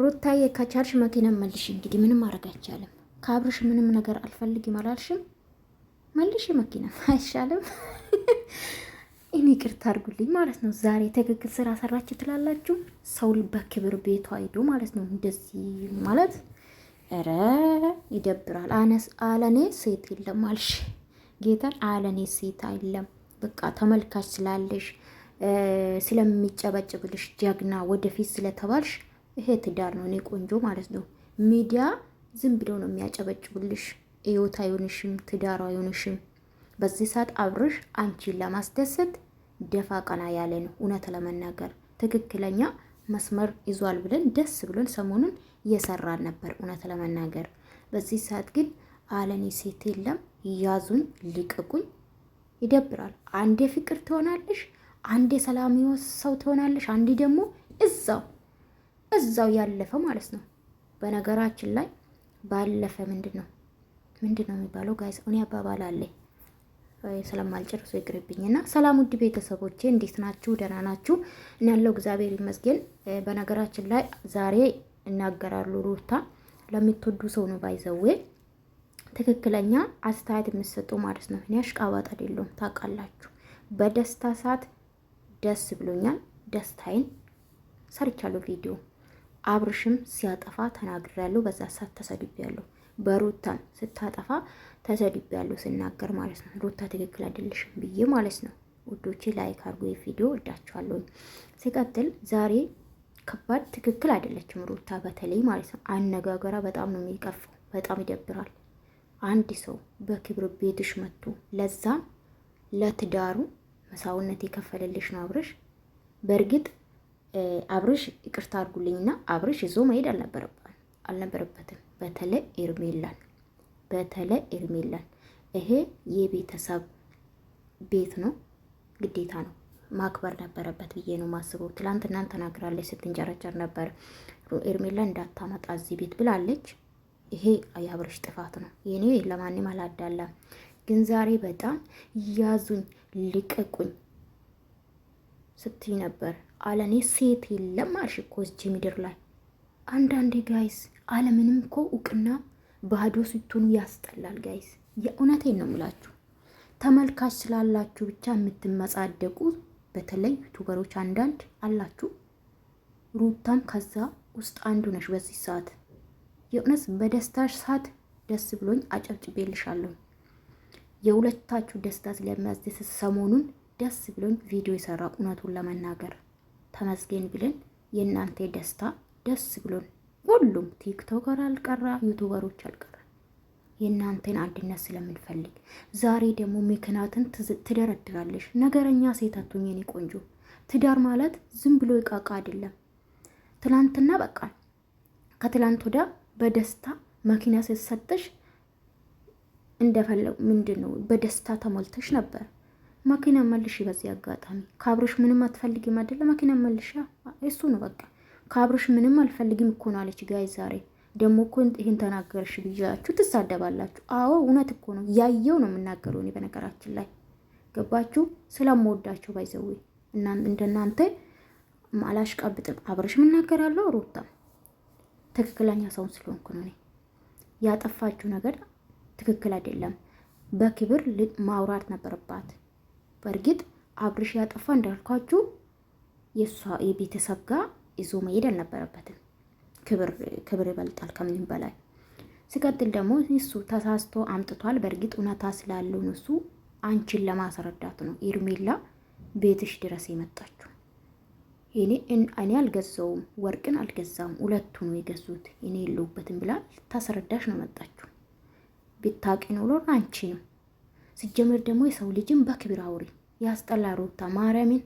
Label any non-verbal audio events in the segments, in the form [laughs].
ሩታዬ ከቻልሽ መኪና መልሽ። እንግዲህ ምንም ማድረግ አይቻልም። ከአብርሽ ምንም ነገር አልፈልግም አላልሽም? መልሽ መኪና [laughs] አይሻልም? እኔ ይቅርታ አድርጉልኝ ማለት ነው። ዛሬ ትክክል ስራ ሰራች ትላላችሁ። ሰው በክብር ቤቷ ሂዶ ማለት ነው እንደዚህ ማለት ረ ይደብራል። አለኔ ሴት የለም አልሽ ጌታን፣ አለኔ ሴት አይለም። በቃ ተመልካች ስላለሽ ስለሚጨበጭብልሽ ጀግና ወደፊት ስለተባልሽ ይሄ ትዳር ነው እኔ ቆንጆ ማለት ነው። ሚዲያ ዝም ብለው ነው የሚያጨበጭቡልሽ። እዮት አይሆንሽም፣ ትዳር አይሆንሽም። በዚህ ሰዓት አብርሽ አንቺን ለማስደሰት ደፋ ቀና ያለ ነው። እውነት ለመናገር ትክክለኛ መስመር ይዟል ብለን ደስ ብሎን ሰሞኑን እየሰራን ነበር። እውነት ለመናገር በዚህ ሰዓት ግን አለኔ ሴት የለም፣ ያዙኝ፣ ሊቀቁኝ። ይደብራል። አንዴ ፍቅር ትሆናለሽ፣ አንዴ ሰላም ሰው ትሆናለሽ፣ አንዴ ደግሞ እዛው እዛው ያለፈ ማለት ነው። በነገራችን ላይ ባለፈ ምንድን ነው ምንድን ነው የሚባለው ጋይስ? እኔ አባባል አለኝ ይቅርብኝ። ይቅርብኝና። ሰላም ውድ ቤተሰቦቼ እንዴት ናችሁ? ደህና ናችሁ? እኔ ያለው እግዚአብሔር ይመስገን። በነገራችን ላይ ዛሬ እናገራሉ ሩታ ለምትወዱ ሰው ነው ባይዘዌ ትክክለኛ አስተያየት የምትሰጡ ማለት ነው። እኔ አሽቃባጥ አይደለሁም ታውቃላችሁ። በደስታ ሰዓት ደስ ብሎኛል። ደስታዬን ሰርቻለሁ ቪዲዮ አብርሽም ሲያጠፋ ተናግሬያለሁ፣ በዛ ሰዓት ተሰድቤያለሁ። በሩታም ስታጠፋ ተሰድቤያለሁ ስናገር ማለት ነው። ሩታ ትክክል አይደለሽም ብዬ ማለት ነው። ውዶቼ ላይክ አድርጎ የቪዲዮ እዳቸዋለሁ። ሲቀጥል ዛሬ ከባድ ትክክል አይደለችም ሩታ በተለይ ማለት ነው። አነጋገሯ በጣም ነው የሚቀፋው፣ በጣም ይደብራል። አንድ ሰው በክብር ቤትሽ መጥቶ ለዛም ለትዳሩ መሳውነት የከፈለልሽ ነው አብርሽ በእርግጥ አብርሽ ይቅርታ አድርጉልኝና አብርሽ ይዞ መሄድ አልነበረበትም። በተለይ ኤርሜላን በተለይ ኤርሜላን ይሄ የቤተሰብ ቤት ነው፣ ግዴታ ነው ማክበር ነበረበት ብዬ ነው ማስበው። ትላንትናን ተናግራለች፣ ስትንጨረጨር ነበር ኤርሜላን እንዳታመጣ እዚህ ቤት ብላለች። ይሄ የአብርሽ ጥፋት ነው። የኔ ለማንም አላዳላም፣ ግን ዛሬ በጣም ያዙኝ ልቀቁኝ ስትይ ነበር አለኔ ሴት የለም አልሽ እኮ እዚህ ምድር ላይ አንዳንዴ ጋይስ አለምንም እኮ እውቅና ባዶ ስትሆኑ ያስጠላል ጋይስ። የእውነቴን ነው ምላችሁ ተመልካች ስላላችሁ ብቻ የምትመጻደቁ በተለይ ዩቱበሮች አንዳንድ አላችሁ። ሩታም ከዛ ውስጥ አንዱ ነሽ። በዚህ ሰዓት የእውነት በደስታሽ ሰዓት ደስ ብሎኝ አጨብጭቤልሻለሁ። የሁለታችሁ ደስታ ስለሚያስደስት ሰሞኑን ደስ ብሎኝ ቪዲዮ የሰራ እውነቱን ለመናገር ተመስገን ብለን የእናንተ ደስታ ደስ ብሎን ሁሉም ቲክቶከር አልቀራ ዩቱበሮች አልቀራ የእናንተን አንድነት ስለምንፈልግ ዛሬ ደግሞ ምክንያትን ትደረድራለሽ። ነገረኛ ሴት አትሁኝ የኔ ቆንጆ። ትዳር ማለት ዝም ብሎ ይቃቃ አይደለም። ትላንትና በቃ ከትላንት ወዳ በደስታ መኪና ስትሰጠሽ እንደፈለጉ ምንድን ነው በደስታ ተሞልተሽ ነበር። መኪና መልሽ። በዚህ አጋጣሚ ካብሮሽ ምንም አትፈልጊም አይደለ? መኪና መልሻ። እሱ ነው በቃ ካብሮሽ ምንም አልፈልግም እኮ ነው አለች። ጋይ ዛሬ ደግሞ እኮ ይህን ተናገርሽ ብያችሁ ትሳደባላችሁ። አዎ እውነት እኮ ነው ያየው ነው የምናገረው። እኔ በነገራችን ላይ ገባችሁ ስለምወዳቸው ባይዘዊ እንደናንተ ማላሽ ቀብጥም አብረሽ የምናገራለሁ ሮታ ትክክለኛ ሰውን ስለሆንኩ ነው። እኔ ያጠፋችሁ ነገር ትክክል አይደለም። በክብር ማውራት ነበረባት። በእርግጥ አብርሽ ያጠፋ እንዳልኳችሁ የእሷ የቤተሰብ ጋር ይዞ መሄድ አልነበረበትም። ክብር ይበልጣል ከምንም በላይ። ሲቀጥል ደግሞ እሱ ተሳስቶ አምጥቷል። በእርግጥ እውነታ ስላለው እሱ አንቺን ለማስረዳት ነው ኤርሜላ ቤትሽ ድረስ የመጣችሁ። እኔ አልገዛውም፣ ወርቅን አልገዛም፣ ሁለቱ ነው የገዙት እኔ የለሁበትም ብላ ታስረዳሽ ነው መጣችሁ። ብታቂ ኖሮ አንቺ ነው ሲጀመር ደግሞ የሰው ልጅን በክብር አውሪ። ያስጠላ ሩታ ማርያምን።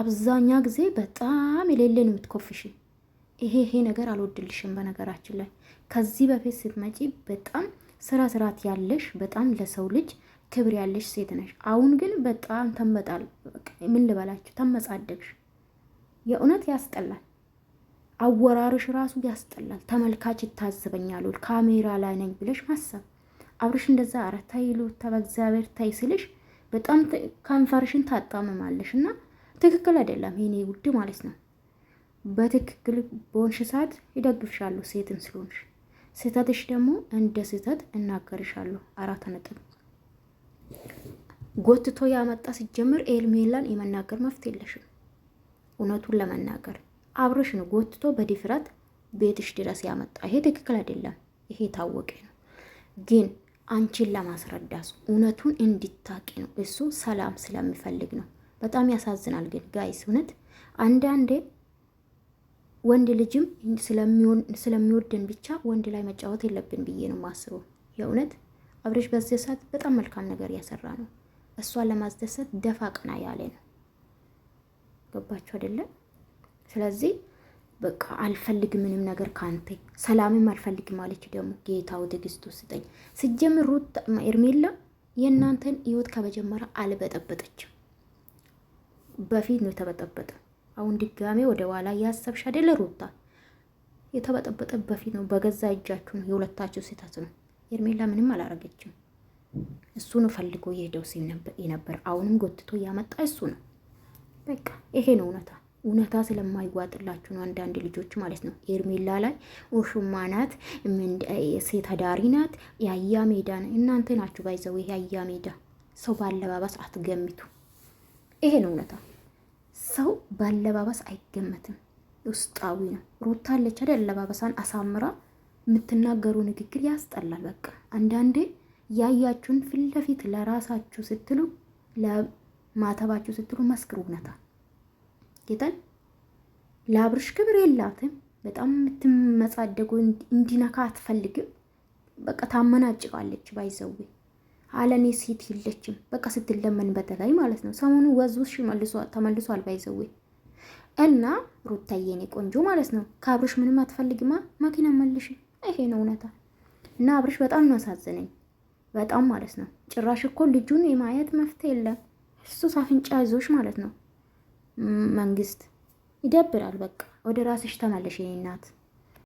አብዛኛ ጊዜ በጣም የሌለ ነው የምትኮፍሽ። ይሄ ይሄ ነገር አልወድልሽም። በነገራችን ላይ ከዚህ በፊት ስትመጪ በጣም ስራ ስርዓት ያለሽ በጣም ለሰው ልጅ ክብር ያለሽ ሴት ነሽ። አሁን ግን በጣም ተመጣል ምን ልበላችሁ ተመጻደቅሽ። የእውነት ያስጠላል። አወራርሽ ራሱ ያስጠላል። ተመልካች ይታዘበኛል፣ ካሜራ ላይ ነኝ ብለሽ ማሰብ አብርሽ እንደዛ ኧረ ተይ ሩታ በእግዚአብሔር ተይ ስልሽ በጣም ከንፈርሽን ታጣምማለሽ እና ትክክል አይደለም። የኔ ውድ ማለት ነው በትክክል በሆንሽ ሰዓት ይደግፍሻለሁ ሴትም ስለሆንሽ፣ ስህተትሽ ደግሞ እንደ ስህተት እናገርሻለሁ። አራት ነጥብ ጎትቶ ያመጣ ሲጀምር ኤልሜላን የመናገር መፍት የለሽም። እውነቱን ለመናገር አብርሽ ነው ጎትቶ በድፍረት ቤትሽ ድረስ ያመጣ። ይሄ ትክክል አይደለም። ይሄ ታወቀ ነው ግን አንቺን ለማስረዳት እውነቱን እንድታቂ ነው። እሱ ሰላም ስለሚፈልግ ነው። በጣም ያሳዝናል። ግን ጋይስ እውነት አንዳንዴ ወንድ ልጅም ስለሚወደን ብቻ ወንድ ላይ መጫወት የለብን ብዬ ነው የማስበው። የእውነት አብሬሽ በዚህ ሰዓት በጣም መልካም ነገር ያሰራ ነው። እሷን ለማስደሰት ደፋ ቀና ያለ ነው። ገባችሁ አይደለም? ስለዚህ በቃ አልፈልግ ምንም ነገር ካንተ ሰላምም አልፈልግም ማለች። ደግሞ ጌታው ትዕግስት ስጠኝ። ስጀምር ሩት ኤርሜላ የእናንተን ህይወት ከመጀመረ አልበጠበጠችም። በፊት ነው የተበጠበጠ። አሁን ድጋሜ ወደ ኋላ ያሰብሽ አይደለ ሩታ? የተበጠበጠ በፊት ነው። በገዛ እጃችሁ ነው፣ የሁለታችሁ ስህተት ነው። ኤርሜላ ምንም አላረገችም። እሱ ነው ፈልጎ የሄደው ሲል ነበር። አሁንም ጎትቶ ያመጣ እሱ ነው። በቃ ይሄ ነው እውነታ። እውነታ ስለማይዋጥላችሁ ነው። አንዳንድ ልጆች ማለት ነው ኤርሜላ ላይ ውሽማ ናት፣ ሴት አዳሪ ናት፣ የአያ ሜዳ ነው። እናንተ ናችሁ ባይዘው ይሄ አያ ሜዳ። ሰው በአለባበስ አትገምቱ። ይሄ ነው እውነታ። ሰው ባለባበስ አይገመትም፣ ውስጣዊ ነው። ሩታለች አይደል? አለባበሳን አሳምራ የምትናገሩ ንግግር ያስጠላል። በቃ አንዳንዴ ያያችሁን ፊት ለፊት ለራሳችሁ ስትሉ ለማተባችሁ ስትሉ መስክሩ እውነታ ጌታን ለአብርሽ ክብር የላትም። በጣም የምትመጻደጉ እንዲነካ አትፈልግም። በቃ ታመናጭቃለች። ባይዘዌ አለኔ ሴት የለችም። በቃ ስትለመን በተለይ ማለት ነው። ሰሞኑ ወዝ ውስጥ ተመልሷል። ባይዘዌ እና ሩታዬ የኔ ቆንጆ ማለት ነው ከአብርሽ ምንም አትፈልግማ። መኪና መልሽ። ይሄ ነው እውነታ። እና አብርሽ በጣም ነው ያሳዘነኝ። በጣም ማለት ነው። ጭራሽ እኮ ልጁን የማየት መፍትሄ የለም። እሱ ሳፍንጫ ይዞሽ ማለት ነው መንግስት ይደብራል። በቃ ወደ ራስሽ ተመለሽ እናት።